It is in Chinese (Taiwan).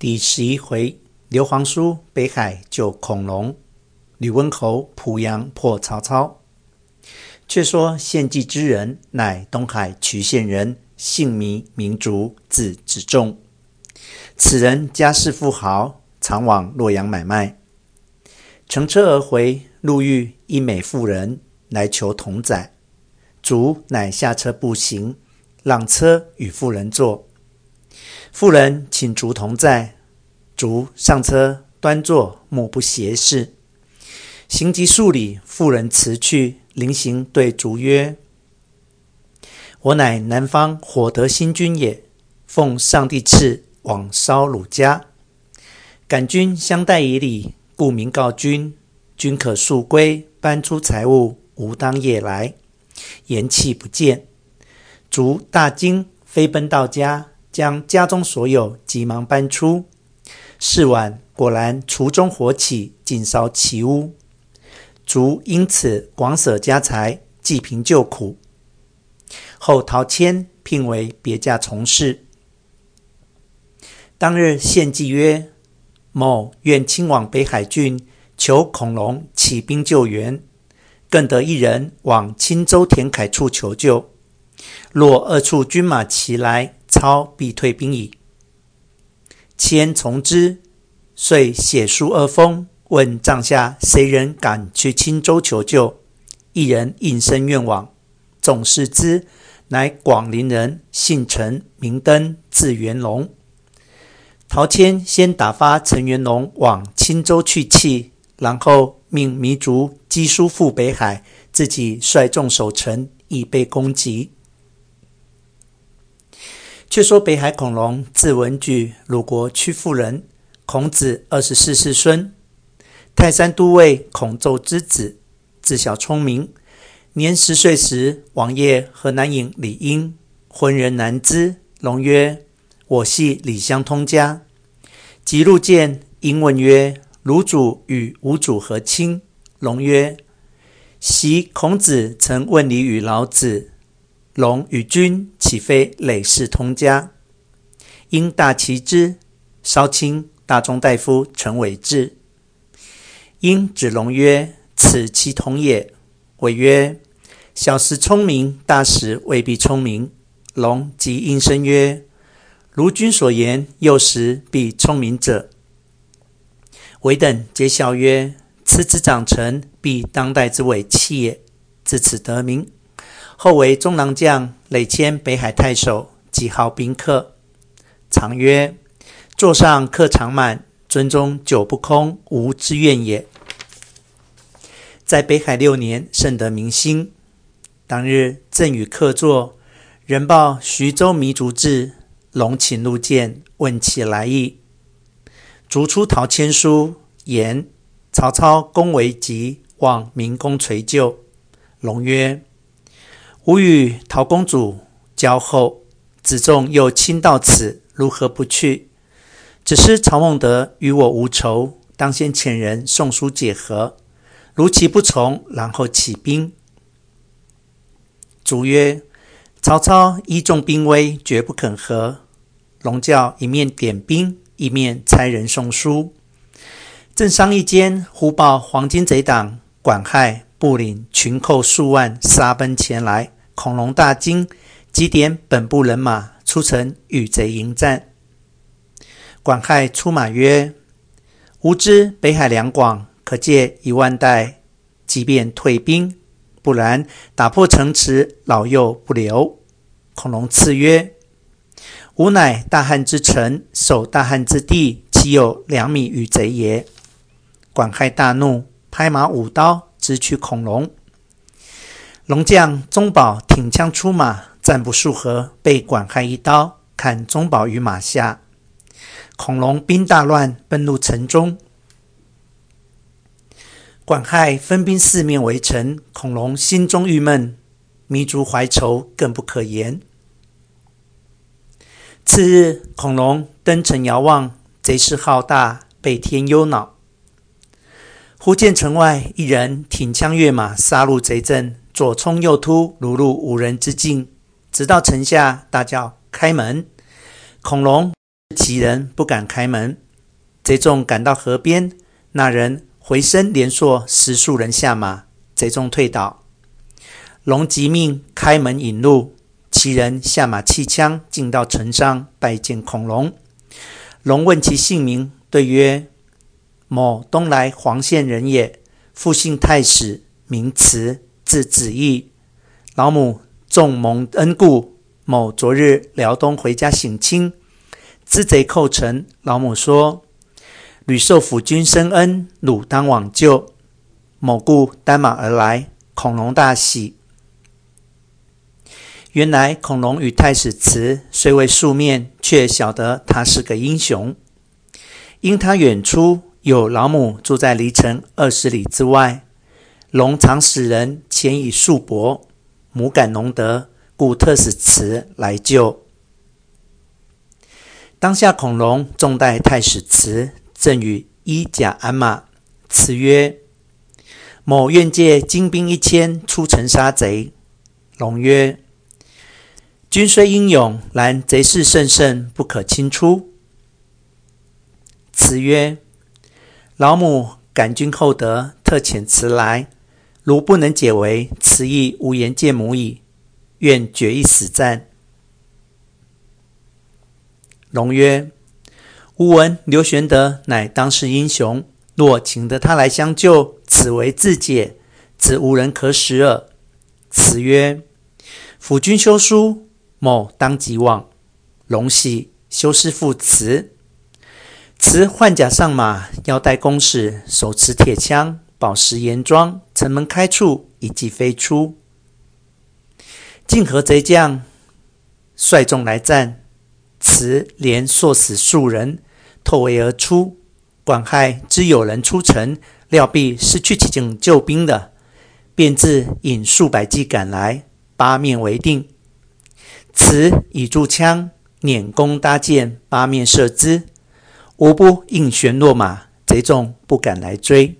第十一回，劉皇叔北海救孔融，呂溫侯濮陽破曹操。卻說獻計之人，乃東海朐縣人，姓糜，名竺，字子仲。此人家世富豪，常往洛陽買賣。乘車而回，路遇一美婦人來求同載，竺乃下車步行，讓車與婦人坐。婦人請竺同在，竺上車端坐，目不斜視。行及數里，婦人辭去，臨行對竺曰：“我乃南方火德星君也，奉上帝敕往燒汝家，感君相待以禮，故明告君，君可速歸，搬出財物，吾當夜來。”言訖不見，竺大驚，飛奔到家。將家中所有急忙搬出。是晚果然櫥中火起，盡燒其屋。卒因此廣舍家財，濟貧救苦。後陶謙聘為別駕從事。當日獻計曰：“某願親往北海郡求孔融起兵救援。”更得一人往青州田楷處求救。若二處軍馬齊來，操必退兵矣。謙從之，遂寫書二封，問帳下誰人敢去青州求救？一人應聲願往。眾視之，乃廣陵人，姓陳，名登，字元龍。陶謙先打發陳元龍往青州去氣，然後命糜竺賫書赴北海，自己率眾守城，以備攻擊。卻說北海孔融字文舉，魯國曲阜人，孔子二十四世孫，泰山都尉孔宙之子。自小聰明，年十歲時，往謁河南尹李膺，閽人難之，融曰：“我係李鄉通家。吉”即路見膺問曰：“汝祖與吾祖何親？”融曰：“昔孔子曾問禮於老子。”龍與君豈非累世通家？因大其之少頃，大中大夫陳偉志，因指龍曰：“此其同也。”偉曰：“小時聰明，大時未必聰明。”龍即應聲曰：“如君所言，幼時必聰明者。”偉等皆笑曰：“此子長成，必當代之偉器也。自此，此得名。”後為中郎將，累遷北海太守，極好賓客。常曰：“座上客常滿，樽中酒不空，吾之願也。”在北海六年，甚得民心。當日正與客坐，人報徐州糜竺至，龍請入見，問其來意。竺出陶謙書，言：“曹操攻圍急，望明公垂救。”龍曰：吾與陶公主交厚，子仲又親到此，如何不去？只是曹孟德與我無仇，當先遣人送書解和。如其不從，然後起兵。竺曰：“曹操倚仗兵威，絕不肯和。融教一面點兵，一面差人送書。正商議間，忽報黃巾賊黨管亥、部領群寇數萬，殺奔前來。”孔融大驚，急點本部人馬出城與賊迎戰。管亥出馬曰：“吾知北海兩廣可借一萬石，即便退兵；不然，打破城池，老幼不留。孔融曰”孔融叱曰：“吾乃大漢之臣，守大漢之地，豈有兩米與賊也？”管亥大怒，拍馬舞刀，直取孔融。龍將宗保挺槍出馬，戰不數合，被管亥一刀砍宗保於馬下。孔融兵大亂，奔入城中。管亥分兵四面圍城，孔融心中鬱悶，糜竺懷愁，更不可言。次日，孔融登城遙望，賊勢浩大，倍添憂惱。忽見城外一人挺槍躍馬，殺入賊陣。左衝右突，如入無人之境，直到城下，大叫：“開門！”孔融其人不敢開門。賊眾趕到河邊，那人回身連說十數人下馬，賊眾退倒。融即命開門引路。其人下馬棄槍，進到城上拜見孔融。融問其姓名，對曰：“某東萊黃縣人也，複姓太史，名慈。”字子義，老母重蒙恩顧。某昨日遼東回家省親，知賊寇城，老母說：“屢受府君深恩，汝當往救。”某故單馬而來。孔融大喜。原來孔融與太史慈雖未素面，卻曉得他是個英雄。因他遠出，有老母住在離城二十里之外，龍常使人潛以素帛，母感龍德，故特使辭來救。當下孔融重待太史慈，贈與衣甲鞍馬。慈曰：“某願借精兵一千，出城殺賊。”龍曰：“君雖英勇，然賊勢甚盛，盛，不可輕出。”慈曰：“老母感君厚德，特遣辭來。”如不能解圍，此亦無顏見母矣。願決一死戰。融曰：“吾聞劉玄德乃當世英雄，若請得他來相救，此圍自解，此無人可使耳。”慈曰：“府君修書，某當即往。”融喜，修書付慈，慈擐甲上馬，腰帶弓矢，手持鐵槍，飽食嚴裝。城門開處，一騎飛出，晉河賊將率眾來戰，慈連射死數人，突圍而出。管亥知有人出城，料必是去請境救兵的，便自引數百騎趕來，八面圍定。慈倚住槍、拈弓、搭箭，八面射之，無不應弦落馬，賊眾不敢來追。